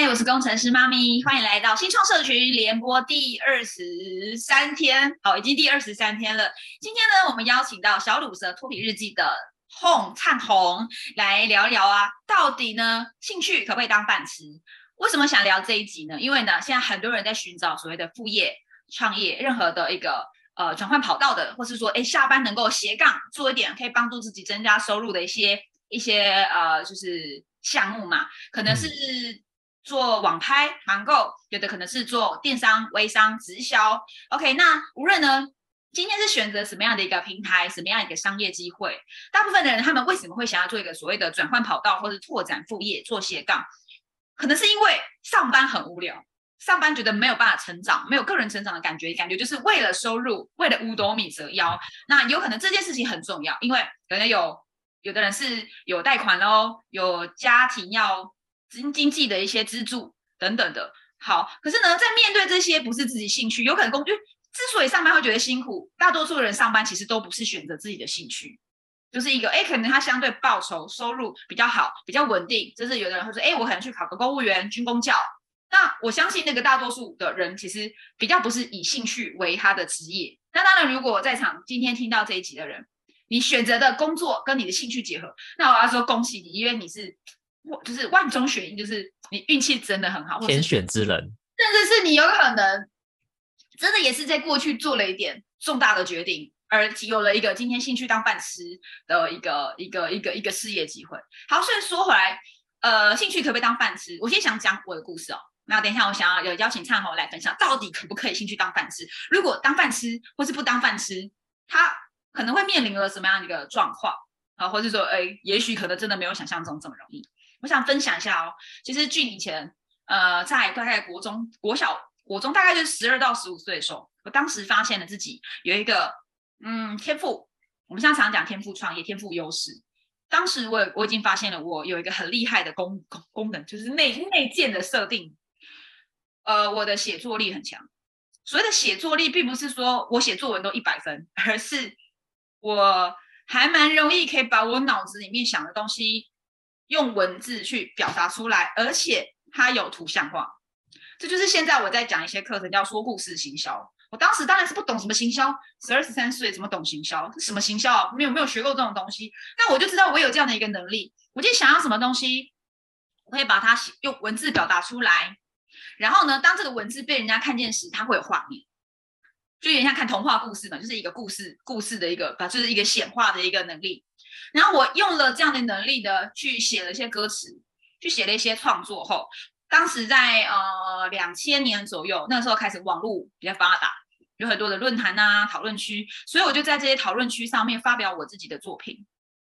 Hey, 我是工程師媽咪，歡迎來到新創社群聯播第二十三天，好，Oh，已經第二十三天了。今天呢，我們邀請到小魯蛇脫皮日記的紅燦紅來聊聊啊，到底呢，興趣可不可以當飯吃？為什麼想聊這一集呢？因為呢，現在很多人在尋找所謂的副業、創業，任何的一個呃轉換跑道的，或是說，哎，下班能夠斜槓做一點，可以幫助自己增加收入的一些一些呃，就是項目嘛，可能是。嗯。做網拍、團購，有的可能是做電商、微商、直銷。OK，那無論呢，今天是選擇什麼樣的一個平台，什麼樣的一個商業機會，大部分的人他們為什麼會想要做一個所謂的轉換跑道，或者拓展副業做斜槓？可能是因為上班很無聊，上班覺得沒有辦法成長，沒有個人成長的感覺，感覺就是為了收入，為了五斗米折腰。那有可能這件事情很重要，因為可能有有的人是有貸款咯，有家庭要經經濟的一些資助等等的，好，可是呢，在面對這些不是自己興趣，有可能工，就之所以上班會覺得辛苦，大多數人上班其實都不是選擇自己的興趣，就是一個，哎，可能他相對報酬收入比較好，比較穩定，就是有的人會說，哎，我可能去考個公務員、軍公教。那我相信那個大多數的人其實比較不是以興趣為他的職業。那當然，如果我在場今天聽到這一集的人，你選擇的工作跟你的興趣結合，那我要說恭喜你，因為你是。哇，就是萬中選一，就是你運氣真的很好，天選之人，甚至是你有可能真的也是在過去做了一點重大的決定，而有了一個今天興趣當飯吃的一個一個一個一個事業機會。好，所以說回來，呃，興趣可不可以當飯吃？我先想講我的故事哦。那等一下，我想要有邀請燦宏來分享，到底可不可以興趣當飯吃？如果當飯吃，或是不當飯吃，他可能會面臨了什麼樣的一個狀況啊？或是說，哎、欸，也許可能真的沒有想象中這這麼容易。我想分享一下哦，其實，距以前，呃，在大概國中國小、國中，大概就是十二到十五歲的時候，我當時發現了自己有一個，嗯，天賦。我們現在常常講天賦、創業、天賦優勢。當時我我已經發現了，我有一個很厲害的功功能，就是內內建的設定。呃，我的寫作力很強。所謂的寫作力，並不是說我寫作文都一百分，而是我還蠻容易可以把我腦子裡面想的東西。用文字去表達出來，而且它有圖像化，這就是現在我在講一些課程叫說故事行銷。我當時當然是不懂什麼行銷，十二十三歲怎麼懂行銷？這是什麼行銷啊？沒有沒有學過這種東西。但我就知道我有這樣的一個能力，我就想要什麼東西，我可以把它用文字表達出來。然後呢，當這個文字被人家看見時，它會有畫面，就有點像看童話故事嘛，就是一個故事故事的一個，就是一個顯化的一個能力。然後我用了這樣的能力的去寫了一些歌詞，去寫了一些創作後，當時在呃兩千年左右，那時候開始網絡比較發達，有很多的論壇吶、啊、討論區，所以我就在這些討論區上面發表我自己的作品，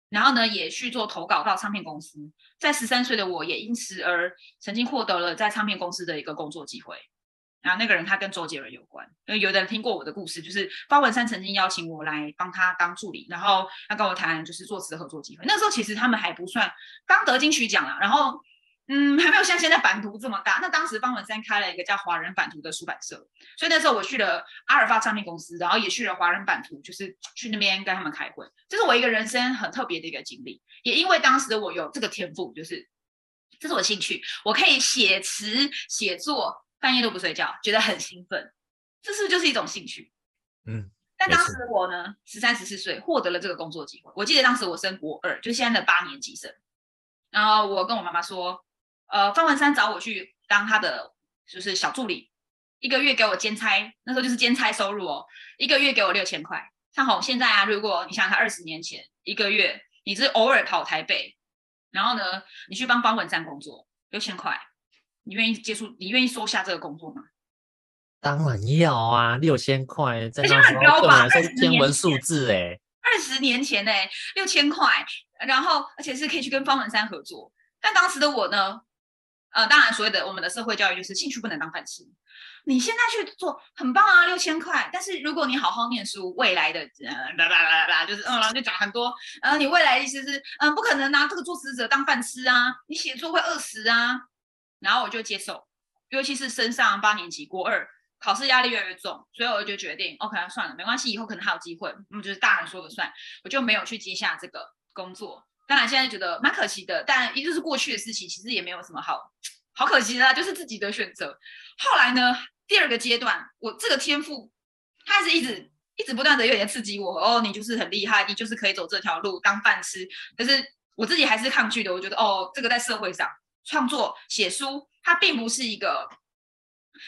然後呢也去做投稿到唱片公司，在十三歲的我也因此而曾經獲得了在唱片公司的一個工作機會。然後那個人他跟周杰倫有關，因為有的人聽過我的故事，就是方文山曾經邀請我來幫他當助理，然後他跟我談就是作詞的合作機會。那時候其實他們還不算剛得金曲獎啊，然後嗯，還沒有像現在版圖這麼大。那當時方文山開了一個叫華人版圖的出版社，所以那時候我去了阿爾法唱片公司，然後也去了華人版圖，就是去那邊跟他們開會。這是我一個人生很特別的一個經歷，也因為當時的我有這個天賦，就是這是我興趣，我可以寫詞，寫作。半夜都不睡覺，覺得很興奮，這是不是就是一種興趣？嗯。但當時我呢，十三十四歲，獲得了這個工作機會。我記得當時我升國二，就現在的八年級生。然後我跟我媽媽說：“呃，方文山找我去當他的就是小助理，一個月給我兼差，那時候就是兼差收入哦，一個月給我六千塊。像吼，現在啊，如果你想想他二十年前一個月，你是偶爾跑台北，然後呢，你去幫方文山工作，六千塊。”你願意接觸，你願意收下這個工作嗎？當然要啊，六千塊，好像很高吧？是天文數字哎，二十年前哎、欸，六千塊，然後而且是可以去跟方文山合作。但當時的我呢，呃，當然所謂的我們的社會教育就是興趣不能當飯吃。你現在去做很棒啊，六千塊。但是如果你好好念書，未來的呃，啦啦啦啦，就是嗯、就，然後就講很多，呃，你未來意、就、思是嗯、呃，不可能拿這個作詞者當飯吃啊，你寫作會餓死啊。然後我就接受，尤其是升上八年級、國二，考試壓力越來越重，所以我就決定，OK，算了，沒關係，以後可能還有機會，那、嗯、麼就是大人說了算，我就沒有去接下這個工作。當然現在覺得蠻可惜的，但也就是過去的事情，其實也沒有什麼好好可惜的，就是自己的選擇。後來呢，第二個階段，我這個天賦，他還是一直一直不斷的有點刺激我，哦，你就是很厲害，你就是可以走這條路當飯吃，可是我自己還是抗拒的，我覺得哦，這個在社會上。創作寫書，它並不是一個，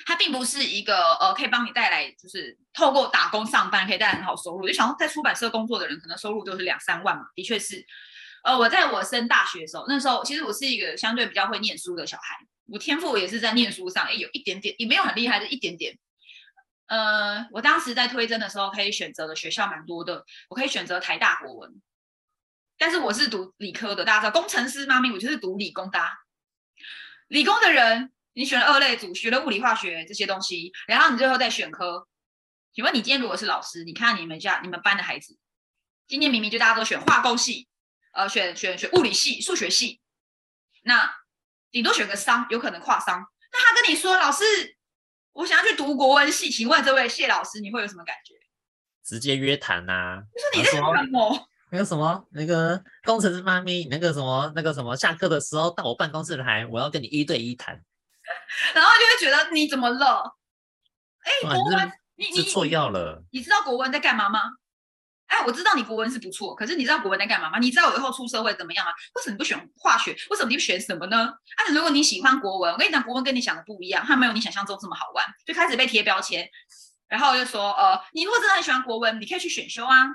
它並不是一個呃，可以幫你帶來就是透過打工上班可以帶來很好收入。就想在出版社工作的人，可能收入都是兩三萬嘛，的確是。呃，我在我升大學的時候，那時候其實我是一個相對比較會唸書的小孩，我天賦也是在唸書上，也有一點點，也沒有很厲害的一點點。呃，我當時在推甄的時候，可以選擇的學校蠻多的，我可以選擇台大國文，但是我是讀理科的，大家知道工程師媽咪，我就是讀理工大。理工的人，你選了二類組，學了物理化學這些東西，然後你最後再選科。請問你今天如果是老師，你看你們家、你們班的孩子，今天明明就大家都選化工系，呃，選選選物理系、數學系，那頂多選個商，有可能跨商。那他跟你說，老師，我想要去讀國文系。請問這位謝老師，你會有什麼感覺？直接約談吶、啊，就是、說你在什麼。那個什麼，那個工程師媽咪，那個什麼，那個什麼，下課的時候到我辦公室來，我要跟你一對一談。 然後就會覺得你怎麼了？哎、欸，國文，你你錯藥了。你知道國文在幹嘛嗎,嗎？哎、欸，我知道你國文是不錯，可是你知道國文在幹嘛嗎,嗎？你知道我以後出社會怎麼樣啊？為什麼你不選化學？為什麼你不選什麼呢？但、啊、是如果你喜歡國文，我跟你講，國文跟你想的不一樣，他沒有你想象中這麼好玩。就開始被貼標籤，然後就說呃，你如果真的很喜歡國文，你可以去選修啊。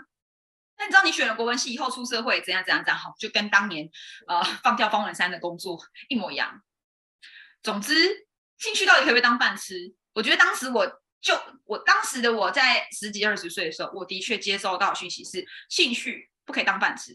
但你知道，你選了國文系以後出社會怎樣怎樣怎樣，好，就跟當年呃放掉方文山的工作一模一樣。總之，興趣到底可不可以當飯吃？我覺得當時我就我當時的我在十幾二十歲的時候，我的確接收到訊息是興趣不可以當飯吃，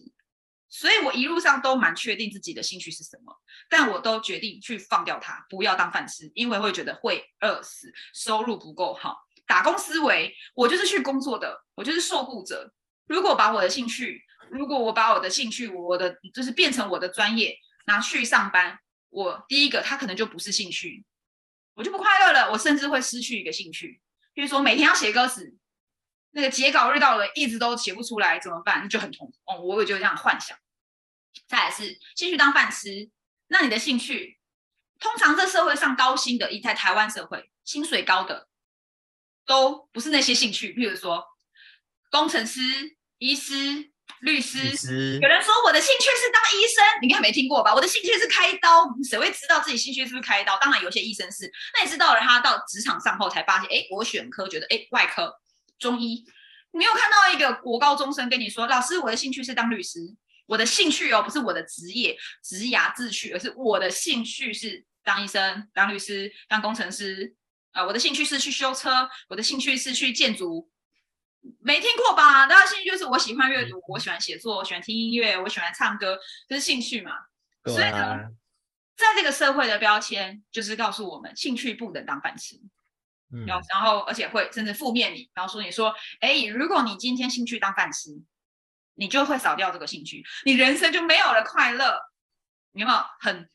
所以我一路上都蠻確定自己的興趣是什麼，但我都決定去放掉它，不要當飯吃，因為會覺得會餓死，收入不夠好，打工思維，我就是去工作的，我就是受僱者。如果把我的興趣，如果我把我的興趣，我的就是變成我的專業，拿去上班，我第一個他可能就不是興趣，我就不快樂了，我甚至會失去一個興趣。譬如說每天要寫歌詞，那個截稿日到了一直都寫不出來，怎麼辦？那就很痛苦。哦，我也就這樣幻想。再來是興趣當飯吃，那你的興趣，通常這社會上高薪的，以在台灣社會薪水高的，都不是那些興趣。譬如說。工程師、醫師，師、律師，有人說我的興趣是當醫生，你應該沒聽過吧？我的興趣是開刀，誰會知道自己興趣是不是開刀？當然，有些醫生是，那你知道了他到職場上後才發現，哎，我選科覺得，哎，外科、中醫。你沒有看到一個國高中生跟你說，老師，我的興趣是當律師，我的興趣哦，不是我的職業，職涯志趣，而是我的興趣是當醫生、當律師、當工程師啊、呃，我的興趣是去修車，我的興趣是去建築。沒聽過吧？大家興趣就是我喜歡閱讀、嗯，我喜歡寫作，我喜歡聽音樂，我喜歡唱歌，這，就是興趣嘛，嗯？所以呢，在這個社會的標籤就是告訴我們，興趣不能當飯吃。嗯。然後，而且會甚至負面你，然後說你說，哎，欸，如果你今天興趣當飯吃，你就會少掉這個興趣，你人生就沒有了快樂。你有沒有很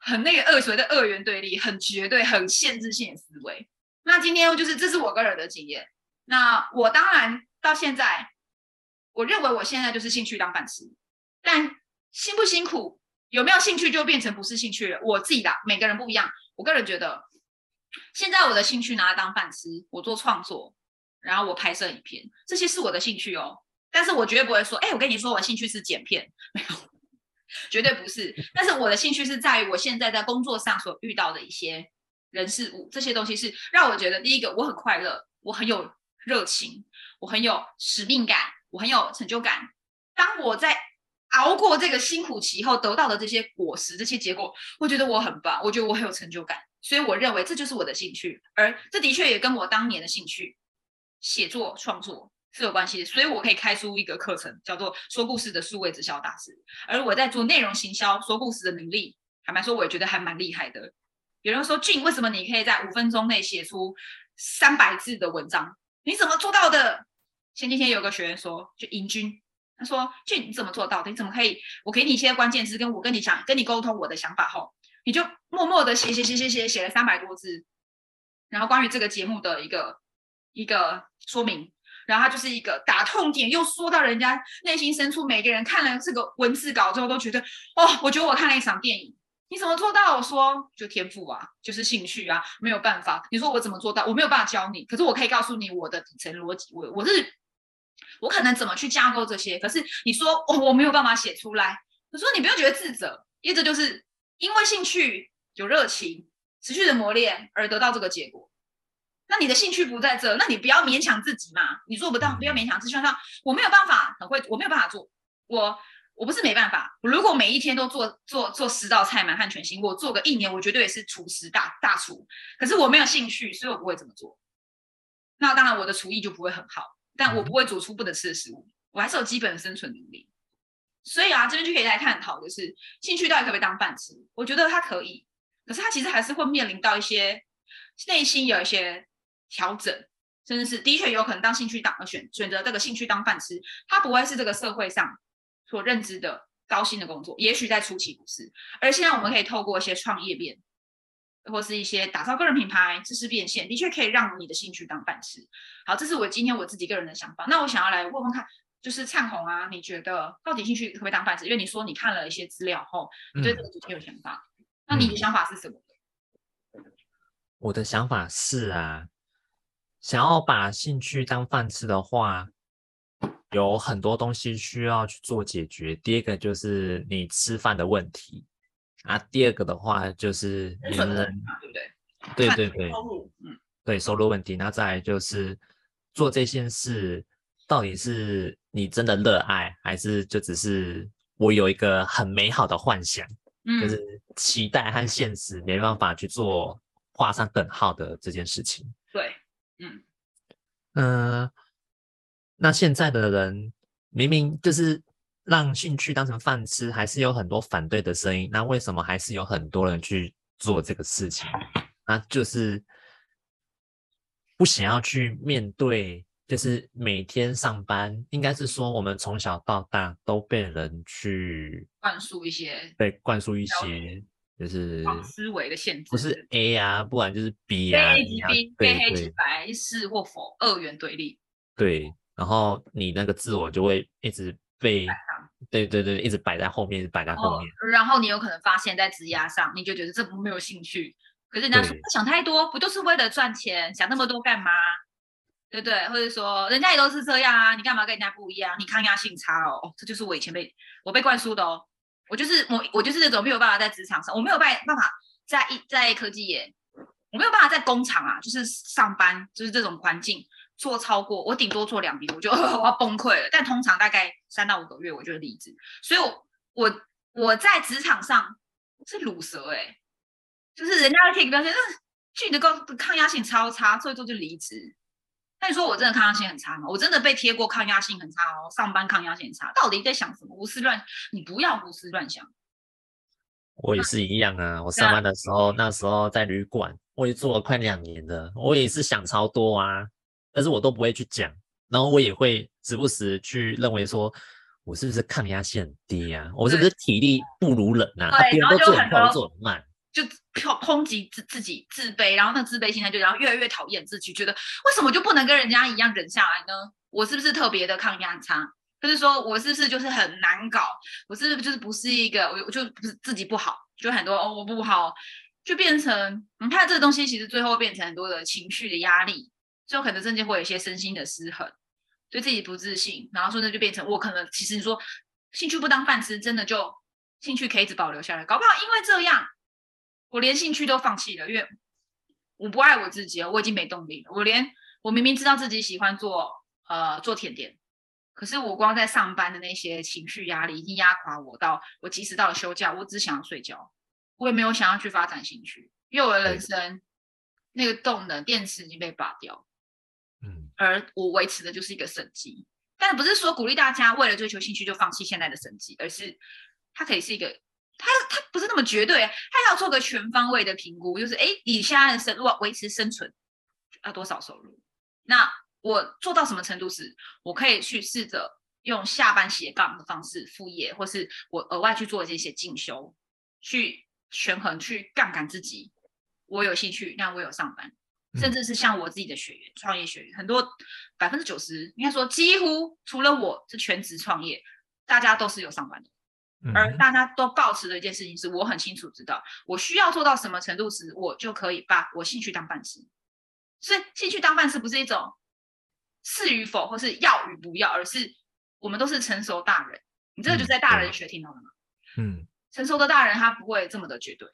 很那個二所謂的二元對立，很絕對，很限制性的思維？那今天就是，這是我個人的經驗。那我當然到現在，我認為我現在就是興趣當飯吃，但辛不辛苦，有沒有興趣就變成不是興趣了。我自己的每個人不一樣，我個人覺得，現在我的興趣拿它當飯吃，我做創作，然後我拍攝影片，這些是我的興趣哦。但是我絕對不會說，哎，我跟你說，我興趣是剪片，沒有，絕對不是。但是我的興趣是在於我現在在工作上所遇到的一些人事物，這些東西是讓我覺得，第一個我很快樂，我很有。熱情，我很有使命感，我很有成就感。當我在熬過這個辛苦期後得到的這些果實、這些結果，我覺得我很棒，我覺得我很有成就感。所以我認為這就是我的興趣，而這的確也跟我當年的興趣——寫作創作是有關係的。所以我可以開出一個課程，叫做“說故事的數位直銷大師”。而我在做內容行銷、說故事的能力，還蠻說，我也覺得還蠻厲害的。有人說：“俊，為什麼你可以在五分鐘內寫出三百字的文章？”你怎麼做到的？前幾天有個學員說，就尹軍，他說，就你怎麼做到的？你怎麼可以？我給你一些關鍵詞，跟我跟你講，跟你溝通我的想法後，你就默默的寫寫寫寫寫寫了三百多字，然後關於這個節目的一個一個說明，然後他就是一個打痛點，又說到人家內心深處，每個人看了這個文字稿之後都覺得，哦，我覺得我看了一場電影。你怎麼做到？我說就天賦啊，就是興趣啊，沒有辦法。你說我怎麼做到？我沒有辦法教你，可是我可以告訴你我的底層邏輯。我我是我可能怎麼去架構這些？可是你說我、哦、我沒有辦法寫出來。我說你不用覺得自責，一直就是因為興趣有熱情，持續的磨練而得到這個結果。那你的興趣不在這，那你不要勉強自己嘛。你做不到，不要勉強自己。像我沒有辦法，很會，我沒有辦法做我。我不是沒辦法，我如果每一天都做做做十道菜滿漢全席，我做個一年，我絕對也是廚師大大廚。可是我沒有興趣，所以我不會這麼做。那當然，我的廚藝就不會很好，但我不會煮出不能吃的食物，我還是有基本的生存能力。所以啊，這邊就可以來探討的是，興趣到底可不可以當飯吃？我覺得它可以，可是它其實還是會面臨到一些內心有一些調整，甚至是的確有可能當興趣黨而選選擇這個興趣當飯吃，它不會是這個社會上。所認知的高薪的工作，也許在初期不是，而現在我們可以透過一些創業變，或是一些打造個人品牌、知識變現，的確可以讓你的興趣當飯吃。好，這是我今天我自己個人的想法。那我想要來問問看，就是燦紅啊，你覺得到底興趣會不會當飯吃？因為你說你看了一些資料後，你對這個主題有想法。嗯，那你的想法是什麼？我的想法是啊，想要把興趣當飯吃的話。有很多東西需要去做解決。第一個就是你吃飯的問題，啊第二個的話就是人，啊對不對？對對對，對收入問題。那再來就是做這件事，到底是你真的熱愛，還是就只是我有一個很美好的幻想，嗯、就是期待和現實沒辦法去做畫上等號的這件事情。對，嗯，嗯、呃。那現在的人明明就是讓興趣當成飯吃，還是有很多反對的聲音。那為什麼還是有很多人去做這個事情？那就是不想要去面對，就是每天上班，應該是說我們從小到大都被人去灌輸一些，對，被灌輸一些，就是思維的限制，不是 A 呀，不管就是 B 呀，非黑即白，非黑即白，是或否，二元對立，對。然後你那個自我就會一直被，對對對，一直擺在後面，一直擺在後面、哦。然後你有可能發現在職業上，你就覺得這沒有興趣。可是人家說想太多，不就是為了賺錢？想那麼多幹嘛？對對，或者說人家也都是這樣啊，你幹嘛跟人家不一樣？你抗壓性差哦，哦，這就是我以前被我被灌輸的哦。我就是我，我就是那種沒有辦法在職場上，我沒有辦辦法在一在科技業，我沒有辦法在工廠啊，就是上班，就是這種環境。做超過，我頂多做兩年我就、哦、我要崩潰了，但通常大概三到五個月我就離職，所以我，我我在職場上我是魯蛇哎、欸，就是人家可以表現，但、嗯、你的高抗壓性超差，所以就離職。那你說我真的抗壓性很差嗎？我真的被貼過抗壓性很差哦，上班抗壓性很差，到底在想什麼？胡思亂，你不要胡思亂想。我也是一樣啊，我上班的時候、啊、那時候在旅館，我也做了快兩年的，我也是想超多啊。但是我都不會去講，然後我也會時不時去認為說，我是不是抗壓性很低啊？是我是不是體力不如人啊？對啊，然後別人都做，然後就很多，做很慢，就抨擊自自己，自卑，然後那自卑心態就，然後越來越討厭自己，覺得為什麼就不能跟人家一樣忍下來呢？我是不是特別的抗壓差？就是說我是不是就是很難搞？我是不是就是不是一個？我就不是自己不好，就很多哦，我不好，就變成你看這個東西，其實最後變成很多的情緒的壓力。就可能真的會有一些身心的失衡，對自己不自信，然後說那就變成我可能其實，你說興趣不當飯吃，真的就興趣可以一直保留下來，搞不好因為這樣，我連興趣都放棄了，因為我不愛我自己了，我已經沒動力了。我連我明明知道自己喜歡做呃做甜點，可是我光在上班的那些情緒壓力已經壓垮我到我即使到了休假，我只想要睡覺，我也沒有想要去發展興趣，因為我的人生那個動能電池已經被拔掉。而我維持的就是一個生計，但不是說鼓勵大家為了追求興趣就放棄現在的生計，而是它可以是一個，它它不是那麼絕對，啊，它要做個全方位的評估，就是哎，你現在的生，如果維持生存要多少收入？那我做到什麼程度是我可以去試着用下班斜槓的方式副業，或是我額外去做這些進修，去權衡，去槓桿自己。我有興趣，那我有上班。甚至是像我自己的學員，創、嗯、業學員很多 90%,，百分之九十應該說幾乎，除了我是全職創業，大家都是有上班的。嗯、而大家都抱持的一件事情是，我很清楚知道，我需要做到什麼程度時，我就可以把我興趣當飯吃。所以，興趣當飯吃不是一種是與否，或是要與不要，而是我們都是成熟大人。你這個就是在大人學，嗯、聽懂了嗎？嗯，成熟的大人他不會這麼的絕對。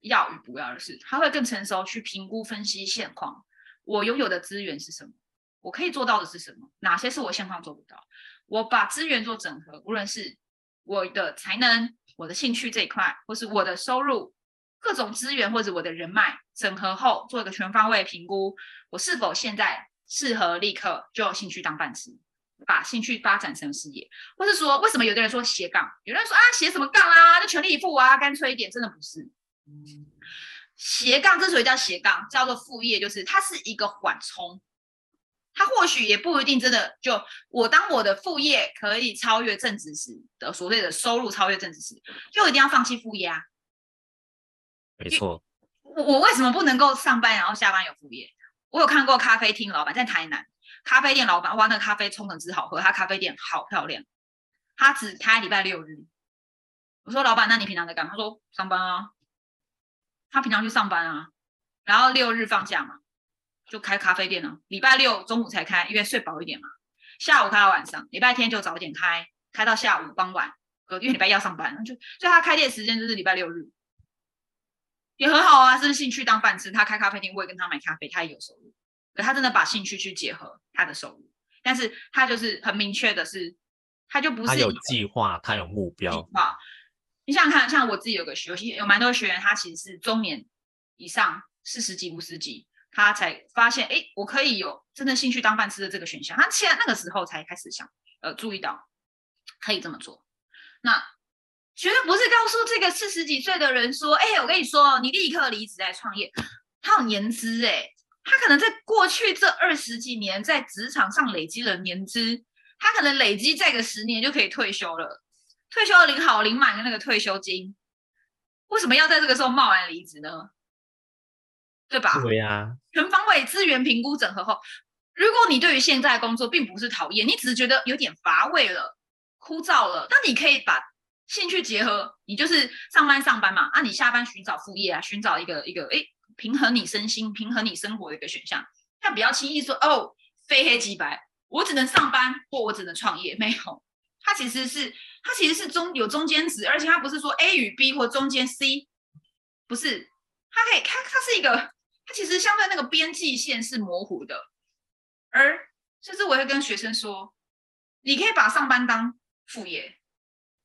要與不要的事，他會更成熟去評估分析現況。我擁有的資源是什麼？我可以做到的是什麼？哪些是我現況做不到？我把資源做整合，無論是我的才能、我的興趣這一塊，或是我的收入、各種資源或者我的人脈，整合後做一個全方位評估，我是否現在適合立刻就有興趣當飯吃？把興趣發展成事業，或是說為什麼有的人說斜槓，有的人說啊斜什麼槓啊，就全力以赴啊，乾脆一點，真的不是。嗯、斜槓之所以叫斜槓，叫做副業，就是它是一個緩衝。它或許也不一定真的就我當我的副業可以超越正職時的所謂的收入超越正職時，就我一定要放棄副業啊？沒錯。我我為什麼不能夠上班然後下班有副業？我有看過咖啡廳老闆在台南咖啡店老闆，哇，那個咖啡沖的真好喝，他咖啡店好漂亮，他只開禮拜六日。我說老闆，那你平常在幹嘛？他說上班啊。他平常去上班啊，然後六日放假嘛，就開咖啡店呢、啊。禮拜六中午才開，因為睡飽一點嘛，下午開到晚上。禮拜天就早一點開，開到下午傍晚，因為禮拜一要上班、啊，就所以他開店時間就是禮拜六日，也很好啊，是，是興趣當飯吃。他開咖啡店，我也跟他買咖啡，他也有收入。可他真的把興趣去結合他的收入，但是他就是很明確的是，他就不是有計劃，他有目標。你想想看，像我自己有個學習，有蠻多學員，他其實是中年以上，四十幾、五十幾，他才發現，哎，我可以有真的興趣當飯吃的這個選項。他現在那個時候才開始想，呃，注意到可以這麼做。那絕對不是告訴這個四十幾歲的人說，哎，我跟你說，你立刻離職來創業。他有年資，哎，他可能在過去這二十幾年在職場上累積了年資，他可能累積再個十年就可以退休了。退休的領好領滿的那個退休金。為什麼要在這個時候貿然離職呢？對吧？對呀、啊，全方位資源評估整合後，如果你對於現在工作並不是討厭，你只是覺得有點乏味了、枯燥了，那你可以把興趣結合，你就是上班上班嘛，啊，你下班尋找副業啊，尋找一個一個，哎，平衡你身心、平衡你生活的一個選項，那不要輕易說哦，非黑即白，我只能上班或我只能創業，沒有。它其實是，它其實是中有中間值，而且它不是說 A 與 B 或中間 C，不是，它可以，它它是一個，它其實相對那個邊際線是模糊的，而甚至、就是、我會跟學生說，你可以把上班當副業，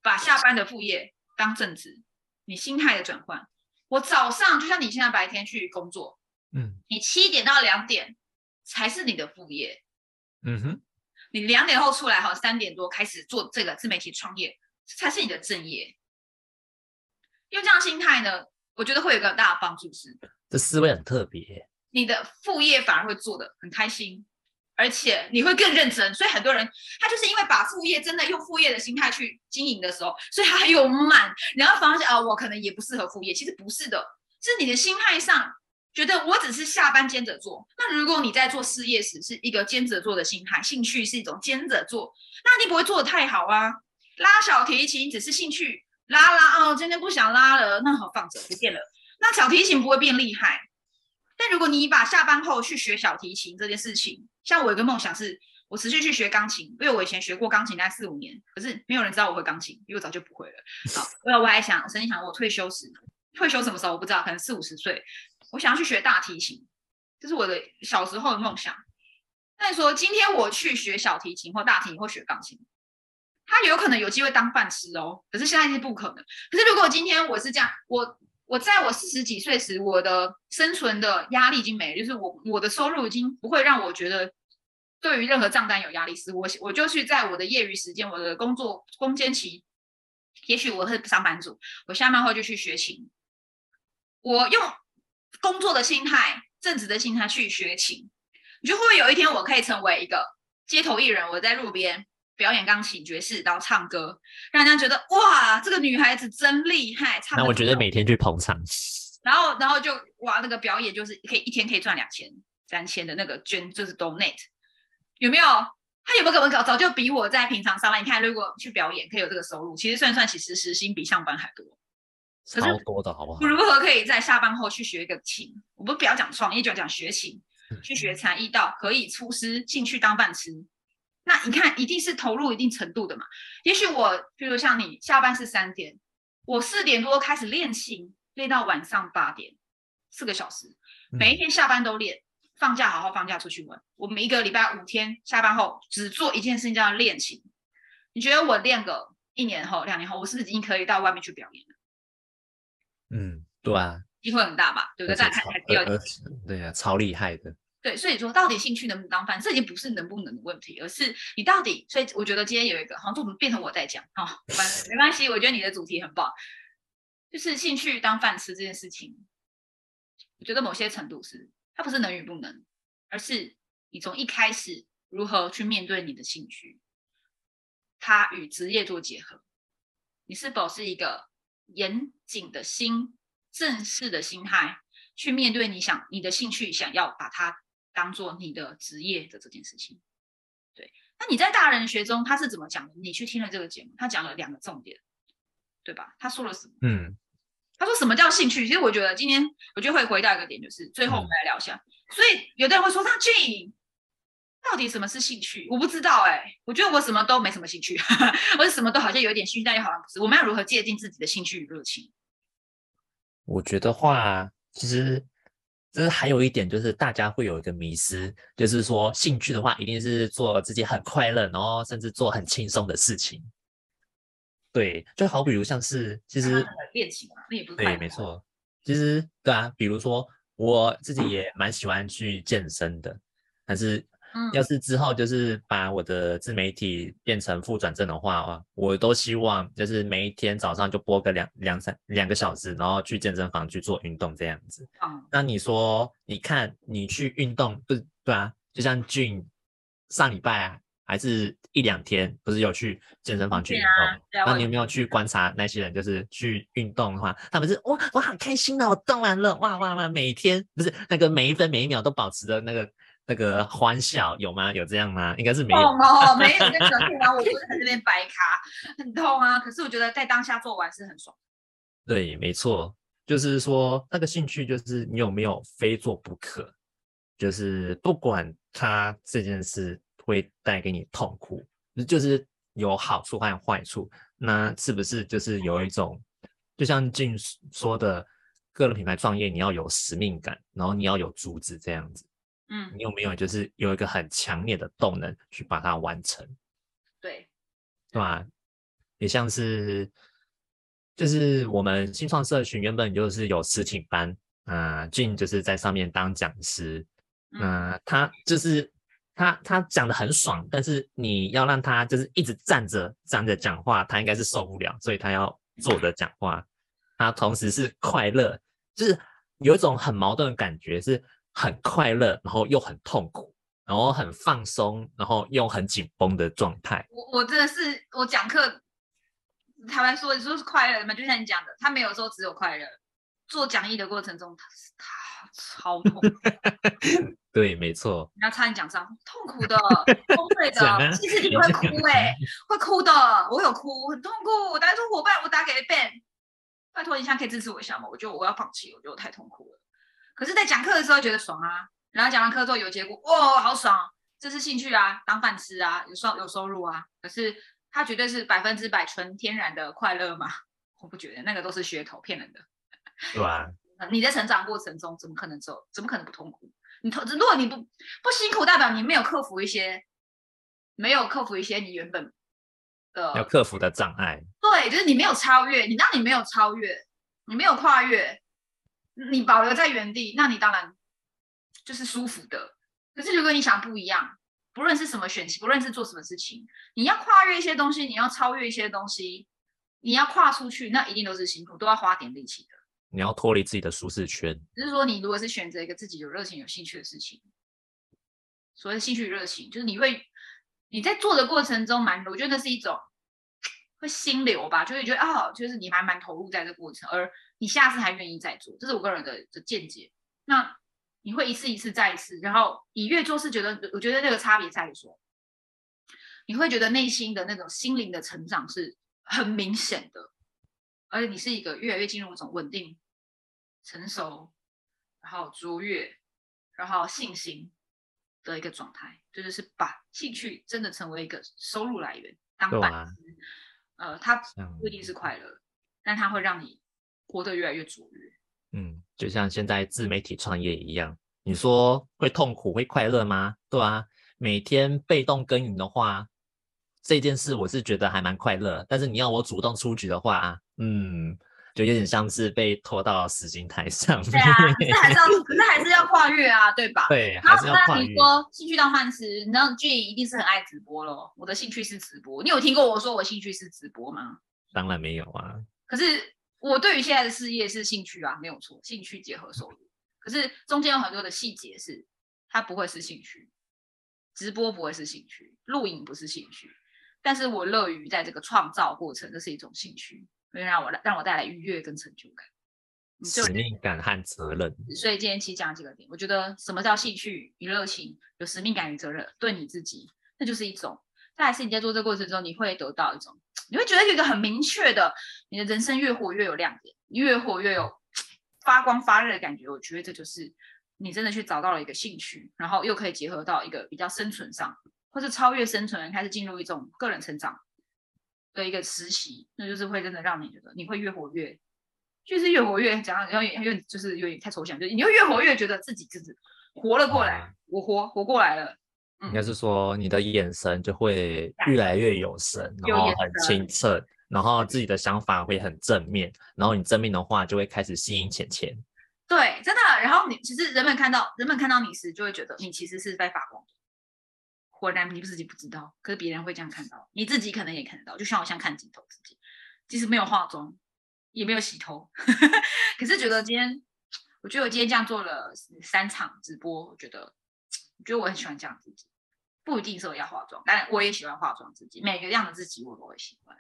把下班的副業當正職，你心態的轉換，我早上就像你現在白天去工作，嗯，你七點到兩點才是你的副業，嗯哼。你兩點後出來哈，三點多開始做這個自媒體創業，這才是你的正業。用這樣心態呢，我覺得會有一個很大的幫助，是，是？這思維很特別，你的副業反而會做得很開心，而且你會更認真。所以很多人他就是因為把副業真的用副業的心態去經營的時候，所以他很有滿，然後發現啊，我可能也不適合副業。其實不是的，就是你的心態上。覺得我只是下班兼着做。那如果你在做事業時是一個兼着做的心態，興趣是一種兼着做，那你不會做得太好啊。拉小提琴只是興趣，拉拉哦，今天不想拉了，那好，放着，不見了。那小提琴不會變厲害。但如果你把下班後去學小提琴這件事情，像我有個夢想是，我持續去學鋼琴，因為我以前學過鋼琴，大概四五年，可是沒有人知道我會鋼琴，因為我早就不會了。好，我我還想曾經想我退休時，退休什麼時候我不知道，可能四五十歲。我想要去學大提琴，這是我的小時候的夢想。但是說今天我去學小提琴或大提琴或學鋼琴，他有可能有機會當飯吃哦。可是現在是不可能。可是如果今天我是這樣，我我在我四十幾歲時，我的生存的壓力已經沒了，就是我我的收入已經不會讓我覺得對於任何賬單有壓力。是我我就是在我的業餘時間，我的工作空間期，也許我是上班族，我下班後就去學琴，我用。工作的心態，正直的心態去學琴，你就會不會有一天我可以成為一個街頭藝人，我在路邊表演鋼琴、爵士，然後唱歌，讓人家覺得哇，這個女孩子真厲害唱歌。那我覺得每天去捧場，然後然後就哇，那個表演就是可以一天可以賺兩千、三千的那個捐，就是 donate，有沒有？他有沒有可能搞，早就比我在平常上班？你看，如果去表演可以有這個收入，其實算算其實時薪比上班還多。好多的好不好？如何可以在下班後去學一個琴？我們不，不要講創業，就要講學琴，去學才藝到可以出師進去當飯吃。那你看，一定是投入一定程度的嘛。也許我，譬如像你下班是三點，我四點多開始練琴，練到晚上八點，四個小時，每一天下班都練，放假好好放假出去玩。我每一個禮拜五天下班後只做一件事情，叫練琴。你覺得我練個一年後、兩年後，我是不是已經可以到外面去表演了？嗯，對啊，機會很大吧？對不對？再看看，對啊，超厲害的。對，所以說到底興趣能不能當飯，這已經不是能不能的問題，而是你到底。所以我覺得今天有一個，好像怎麼變成我在講好，沒關係， 我覺得你的主題很棒，就是興趣當飯吃這件事情，我覺得某些程度是它不是能與不能，而是你從一開始如何去面對你的興趣，它與職業做結合，你是否是一個。嚴謹的心，正式的心態去面對你想你的興趣，想要把它當做你的職業的這件事情。對，那你在大人學中他是怎麼講的？你去聽了這個節目，他講了兩個重點，對吧？他說了什麼？嗯，他說什麼叫興趣？其實我覺得今天我就會回答一個點，就是最後我們來聊一下。嗯，所以有的人會說上去。到底什麼是興趣？我不知道哎、欸，我覺得我什麼都沒什麼興趣， 我什麼都好像有一點興趣，但又好像不是。我們要如何界定自己的興趣與熱情？我覺得話其實，就是還有一點，就是大家會有一個迷思，就是說興趣的話，一定是做自己很快樂，然後甚至做很輕鬆的事情。對，就好比如像是其實練習嘛，那也不對，沒錯。其實對啊，比如說我自己也蠻喜歡去健身的，嗯、但是。嗯，要是之後就是把我的自媒體變成副轉正的話，啊，我都希望就是每一天早上就播個兩兩三兩個小時，然後去健身房去做運動這樣子，嗯。那你說，你看你去運動，不是，對啊，就像俊上禮拜啊，還是一兩天，不是有去健身房去運動，然後、啊、你有沒有去觀察那些人，就是去運動的話，他們是，哇，我好開心啊，哦，我動完了，哇哇哇，每天不是那個每一分每一秒都保持着那個。那個歡笑有嗎？有這樣嗎？應該是沒有。哦，沒有個 那個然後我就是在這邊擺卡，很痛啊。可是我覺得在當下做完是很爽。對，沒錯，就是說那個興趣就是你有沒有非做不可，就是不管它這件事會帶給你痛苦，就是有好處還有壞處，那是不是就是有一種，就像俊說的，個人品牌創業，你要有使命感，然後你要有主旨這樣子。嗯，你有沒有就是有一個很強烈的動能去把它完成？對，對吧？也像是就是我們新創社群原本就是有實體班，啊、呃，俊就是在上面當講師，那、呃嗯、他就是他他講得很爽，但是你要讓他就是一直站着站着講話，他應該是受不了，所以他要坐着講話、嗯，他同時是快樂，就是有一種很矛盾的感覺是。很快樂，然後又很痛苦，然後很放鬆，然後又很緊繃的狀態。我我真的是我講課，台灣說的說是快樂嘛，就像你講的，他沒有說只有快樂。做講義的過程中，他他超痛苦。 對，沒錯。人家插你講上，痛苦的，崩 潰的，其實你會哭哎、欸，會哭的，我有哭，很痛苦。但是夥伴，我打給 Ben，拜託你現在可以支持我一下嗎？我覺得我要放棄，我覺得我太痛苦了。可是，在講課的時候覺得爽啊，然後講完課之後有結果，哦，好爽！這是興趣啊，當飯吃啊，有收有收入啊。可是，他絕對是百分之百純天然的快樂嘛，我不覺得，那個都是噱頭，騙人的。對啊，你在成長過程中怎麼可能走？怎麼可能不痛苦？你投資，如果你不不辛苦，代表你沒有克服一些，沒有克服一些你原本的要克服的障礙。對，就是你沒有超越，你當你沒有超越，你沒有跨越。你保留在原地，那你當然就是舒服的。可是如果你想不一樣，不論是什麼選題，不論是做什麼事情，你要跨越一些東西，你要超越一些東西，你要跨出去，那一定都是辛苦，都要花點力氣的。你要脫離自己的舒適圈，只、就是說你如果是選擇一個自己有熱情、有興趣的事情，所謂興趣與熱情，就是你會你在做的過程中，蠻我覺得那是一種，會心流吧，就會覺得啊、哦，就是你還蠻,蠻投入在這個過程，而你下次還願意再做，這是我個人的的,的見解。那你會一次一次再一次，然後你越做是覺得，我覺得這個差別在說，你會覺得內心的那種心靈的成長是很明顯的，而且你是一個越來越進入一種穩定、成熟、然後卓越、然後信心的一個狀態，就是是把興趣真的成為一個收入來源，當板子。呃，它不一定是快樂，但它會讓你活得越來越卓越。嗯，就像現在自媒體創業一樣，你說會痛苦會快樂嗎？對啊，每天被動耕耘的話，這件事我是覺得還蠻快樂。但是你要我主動出局的話，嗯。就有點像是被拖到死刑台上。 對啊， 可是還是要， 可是還是要跨越啊，對吧？對，還是要跨越。你說興趣當飯吃，那俊一定是很愛直播嘍。我的興趣是直播，你有聽過我說我興趣是直播嗎？當然沒有啊。可是我對於現在的事業是興趣啊，沒有錯，興趣結合收入。 可是中間有很多的細節是，它不會是興趣，直播不會是興趣，錄影不是興趣。但是我樂於在這個創造過程，這是一種興趣。會讓我來，讓我帶來愉悅跟成就感，使命感和責任。所以今天其實講幾個點，我覺得什麼叫興趣與熱情，有使命感與責任，對你自己，那就是一種。但還是你在做這個過程中，你會得到一種，你會覺得有一個很明確的，你的人生越活越有亮點，越活越有發光發熱的感覺。哦。我覺得這就是你真的去找到了一個興趣，然後又可以結合到一個比較生存上，或是超越生存，開始進入一種個人成長，的一個實習，那就是會真的讓你覺得你會越活越，就是越活越，然後然後越就是有點太抽象，就是你會越活越覺得自己就是活了過來，嗯、我活活過來了。嗯、應該是說你的眼神就會越來越有神，嗯、然後很清澈，然後自己的想法會很正面，然後你正面的話就會開始吸引錢錢。對，真的。然後你其實人們看到人們看到你時，就會覺得你其實是在發光。果然你自己不知道，可是別人會這樣看到。你自己可能也看得到，就像我像看鏡頭自己，即使沒有化妝，也沒有洗頭呵呵，可是覺得今天，我覺得我今天這樣做了三場直播，我覺得，我覺得我很喜歡這樣自己。不一定是我要化妝，但我也喜歡化妝自己，每個樣的自己我都會喜歡。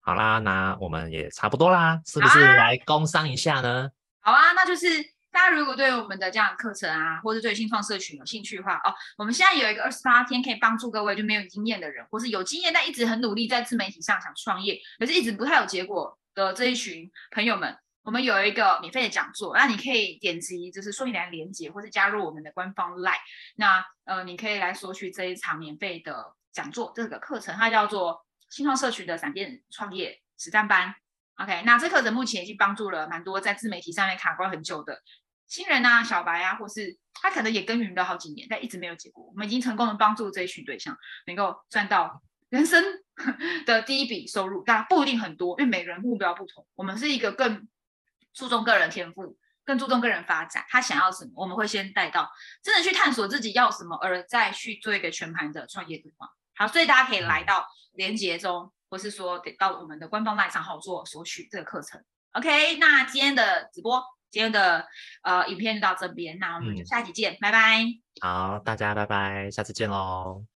好啦，那我們也差不多啦，是不是來工商一下呢？好啊，好啊，那就是。大家如果對我們的這樣的課程啊，或是對新創社群有興趣的話哦，我們現在有一個二十八天可以幫助各位，就沒有經驗的人，或是有經驗但一直很努力在自媒體上想創業，可是一直不太有結果的這一群朋友們，我們有一個免費的講座，那你可以點擊就是說明欄連結，或是加入我們的官方 Line，那呃你可以來索取這一場免費的講座這個課程，它叫做新創社群的閃電創業實戰班。OK，那這課程目前已經幫助了蠻多在自媒體上面卡關很久的。新人啊，小白啊，或是他可能也耕耘了好幾年，但一直沒有結果。我們已經成功的幫助這一群對象能夠賺到人生的第一筆收入，那不一定很多，因為每個人目標不同。我們是一個更注重個人天賦，更注重個人發展。他想要什麼，我們會先帶到，真的去探索自己要什麼，而再去做一個全盤的創業規劃。好，所以大家可以來到連結中，或是說得到我們的官方 LINE 賬號做索取這個課程。OK，那今天的直播，今天的呃影片就到這邊，那我們就下集見，嗯，拜拜。好，大家拜拜，下次見嘍。